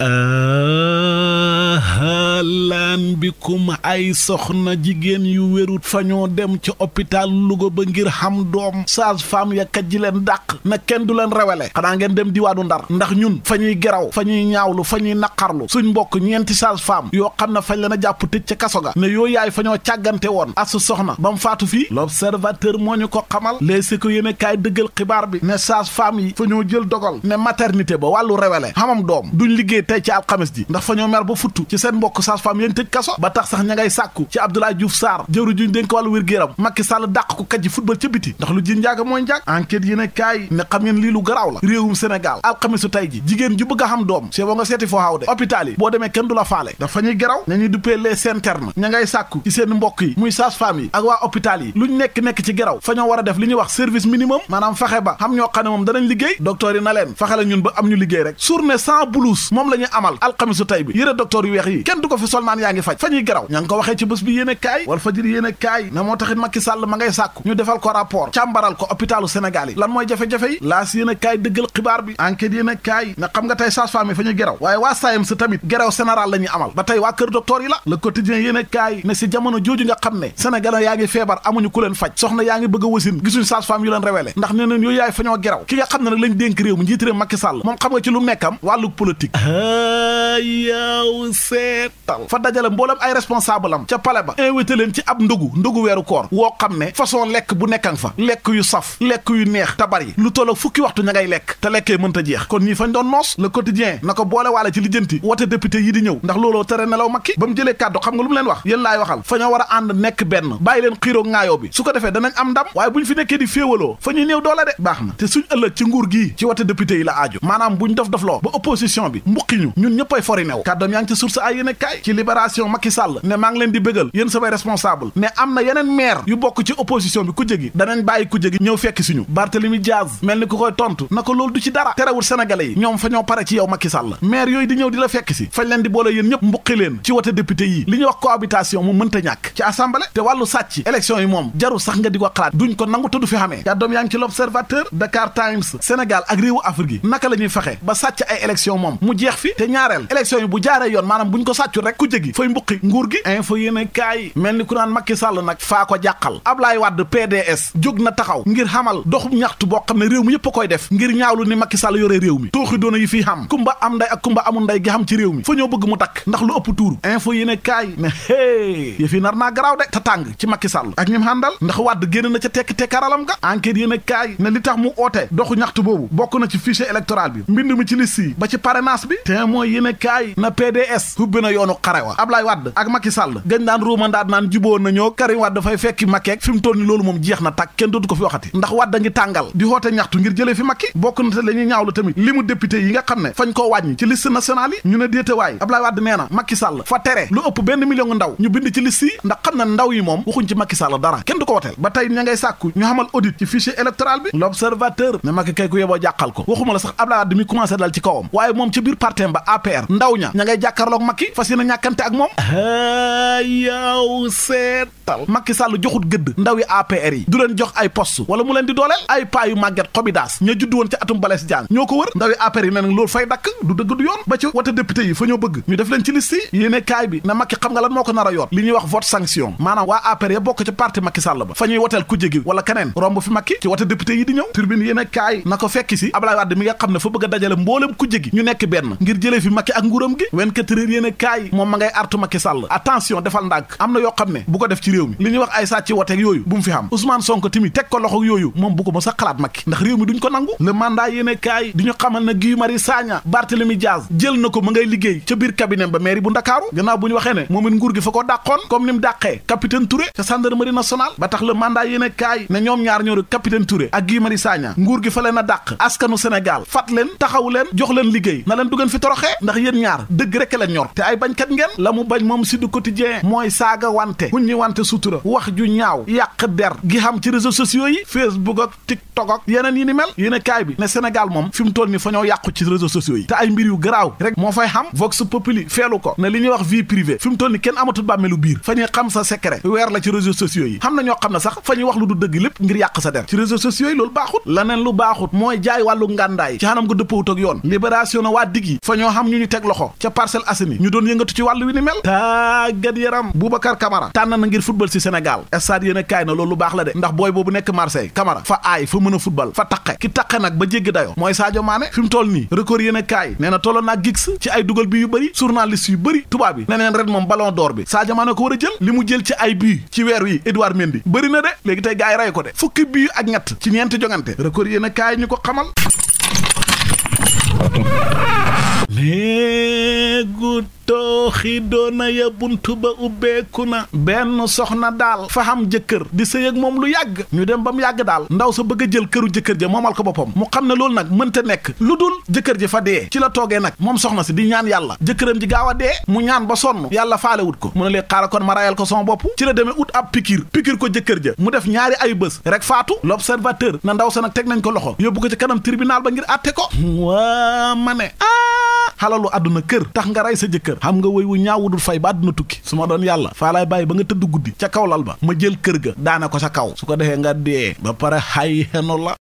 Uh, bikum ay soxna jigéen yu wérut fa ñoo dem ci hôpital Louga ba ngir xam doom sage-femme ya kat ji leen dàq na kenn du leen rewele xanaa ngeen dem diwaanu Ndar ndax ñun fa ñuy geraw fa ñuy ñaawlu fa ñuy naqarlu suñ mbokk ñeenti sage-femme yoo xam ne fañ leen a jàpp tëj ca kaso ga ne yoo yaay fa ñoo càggante woon asu soxna ba mu faatu fii l'observateur moo ñu ko xamal Les Échos yéene kaay dëggal xibaar bi ne sage-femme yi fa ñoo jël dogal ne maternité ba wàllu rewele xamam doom duñ liggéey tey ko ba tax sax ña ngay sàkku ci Abdoulaye Diouf saar jëwri juñ dénk wàllu wér géeram Macky Sall dàq ko kajji football ca biti ndax lu ji njaaga mooy njaag enquête yi ne kaay ne xam ngeen lii lu garaaw la réewum Sénégal alxamisu tey ji jigéen ju bëgga xam doom see boo nga seeti foo xaw de hôpital yi boo demee kenn du la faale dafa ñuy garaw ñañuy duppee les internes ña ngay sàkku ci seen mbokk yi muy sage-femme yi ak waa hôpital yi ñu nekk nekk ci garaw fa ñoo war a li ñuy wax service minimum maanaam fexe ba xam ñoo xam moom danañ liggéey docteur yi na leen fexe ñu liggéey rek journée sans la ñuy amal alxamisu tey bi yëre docteur weex yi kenn du ko fi sol ngi faj fañuy garaw ña ngi ko waxee ci bés bi yéene kaay wal fajiri yéene kaay ne moo taxit Macky Sall ma ngay sàkku ñu defal ko rapport càmbaral ko hôpitalu a moom xam nga ci lu nekkam wàllu politique yow seetal fa dajale mboolem ay responsable am ca pale ba invité leen ci ab ndugu ndugu weeru koor woo xam ne façon lekk bu nekkan fa lekk yu saf lekk yu neex te bari lu toll fukki waxtu ña ngay lekk te lekkee mënta jeex kon ñii fañ doon noos le quotidien na ko boole waale ci lijjanti wote député yi di ñëw ndax looloo tere nelaw makki ba mu jëlee kàddu xam nga lu mu leen wax yéen laay waxal fa ñoo a ànd nekk benn bàyyi leen xiiroo ngaayoo bi su ko defee danañ am ndam waaye bu ñu fi nekkee di féewaloo fa ñuy néew baax na te suñ ëllëg ci nguur gii ci wote yi la aaju maanaam buñ dof dofloo ba opposition bi mbuqi ñu ñun ñëppay fori new kàddoom yaa ngi ci source ay yéene Macky Sall ne maa ngi mu mënta ñàkk ci assemblée te wàllu sàcc élection yi moom jaru sax nga di ko xalaat duñ ko nangu tudd fi xamee yaa doom yaa ngi ci l'observateur Dakar Times Sénégal ak réewu Afrique naka la ñuy ba sàcc ay élection moom mu jeex fi te ñaareel élection yi bu jaaree yoon maanaam buñ ko sàccu rek ku jégi fay mbuq nguur gi info yéene kaay mel ni ku naan Macky Sall nag faa ko jàqal Ablaye Wade PDS jóg na taxaw ngir xamal doxub ñaxtu boo xam ne réew mi koy def ngir ñaawlu ni Macky Sall yore réew mi tooxi doona yi fii xam kumba am nday ak kumba amul nday gi réew mi fa ñoo bëgg mu takk ndax lu ëpp tuuru info yéene kaay ne hé yëf yi nar naa garaaw de te tàng ci Macky Sall ak ñim xàndal ndax Wade génn na ca tekk tekkaralam ga enquête yéene kaay ne li tax mu oote doxu ñaxtu boobu bokk na ci fichier électoral bi mbind mi ci liste yi ba ci parrainage bi te mooy yéene kaay na PDS hubbi na yoonu xare wa Wade ak Macky Sall gañ daan ruumandaat naan jubóo nañoo Karim Wade dafay fekki Macky ak fi loolu moom jeex na tàkk kenn dootu ko fi waxati ndax Wade a ngi tàngal di xoote ñaxtu ngir jëlee fi Macky bokk na te la ñuy tamit li mu yi nga xam ne fañ koo wàññi ci liste nationale ñu ne déetewaay Ablaye Wade nee na Macky Sall fa tere lu ëpp benn million ndaw ñu bind ci liste yi ndax xam na ndaw yi moom waxuñ ci Macky Sall yaw seetal Macky Sall joxut gëdd ndaw yi APR yi du leen jox ay poste wala mu leen di dooleel ay paa yu màgget xobi daas ña judd woon ca atum balees ñoo ko wër ndaw yi yi ne nag fay dakk du dëgg du yoon ba ci wata député yi fa ñoo bëgg ñu def leen ci liste yi kaay bi na Macky xam nga lan moo ko nar a yoon li ñuy wax vote sanction maanaam waa APR ya bokk ca parti Macky Sall ba fa ñuy woteel kujje gi wala keneen romb fi Macky ci wata a dajale mboolem kujje gi ñu nekk benn ngir jëlee fi Macky ak nguuram gi 24 ma Macky Sall attention defal ndànk am na yoo xam ne bu ko def ci réew mi li ñuy wax ay sàcc woteeg yooyu bu mu fi xam Ousmane Sonko tamit teg ko loxo yooyu moom bu ko mës a xalaat Macky ndax réew mi duñ ko nangu le mandat yéene di ñu xamal ne Guy Marius Sagna Barthélémy Diaz jël na ko ma ngay liggéey ca biir cabinet ba mairie bu Ndakaaru gannaaw bu ñu waxee ne moom nguur gi fa ko dàqoon comme ni dàqee capitaine Touré ca gendarmerie a dàq askanu Sénégal fat leen taxaw leen jox leen liggéey na leen du ngeen moom si du quotidien mooy saaga wante huñ ñi wante sutura wax ju ñaaw yàq der gi xam ci réseaux sociaux yi Facebook ak TikTok ak yeneen yi ni mel yéen bi ne senegal moom fi mu toll ni fa ñoo yàqu ci réseaux sociaux yi te ay mbir yu garaaw rek moo fay xam Vox Populi feelu ko ne li ñu wax vi privée fi mu toll ni kenn amatul bàmmeelu biir fa ñuy xam sa secret weer la ci réseaux sociaux yi xam na ñoo xam ne sax fa ñuy wax lu du dëgg lépp ngir yàq sa der ci réseaux sociaux yi loolu baaxut laneen lu baaxut mooy jaay wàllu ngàndaay ci xanam yoon libération na waa dig ñu ñu teg loxo ca Parcelles Assainies ñu doon yëngatu ci wàllu wi tàggat yaram Boubacar Camara tànn na ngir football si Sénégal stade yéen a kaay na loolu lu baax la de ndax booy boobu nekk Marseille Camara fa aay fa mën a football fa taqe ki taqe nag ba jéggi dayoo mooy Sadio Mané fi mu toll nii record yéen a kaay nee na naa gigs ci ay dugal bi yu bëri journaliste yu bëri tubaab bi ne neen moom ballon d'or bi Sadio Mané ko war a jël li mu jël ci ay bii ci weer wi Edouard Mendy bëri na de léegi tey gars yi ko de fukki bii ak ñett ci ñeenti jongante record yéen a kaay ñu ko xamal xiidoona ya buntu ba ubbeeku na benn soxna daal fa xam jëkkër di sëy ak moom lu yàgg ñu dem ba mu yàgg daal ndaw sa bëgg jël këru jëkkër ja moomal ko boppam mu xam ne loolu nag mënta nekk lu dul jëkkër ja fa dee ci la toogee nag moom soxna si di ñaan yàlla jëkkëram ji gaaw a dee mu ñaan ba sonn yàlla faale wut ko mu ne léegi xaaral kon ma rayal ko sama bopp ci la deme ut ab pikir pikir ko jëkkër ja mu def ñaari ay bés rek faatu l'observateur na ndaw sa nag teg nañ ko loxo yóbbu ko ci kanam tribunal ko ma ne ah xalalu àdduna kër tax nga ray sa jëkkër xam nga wu ñaaw wudul fay ba àdduna tukki su ma doon yàlla faa laay bàyyi ba nga tëdd guddi ca kaw lal ba ma jël kër ga daana ko sa kaw su ko defee nga dee ba pare xay xeno la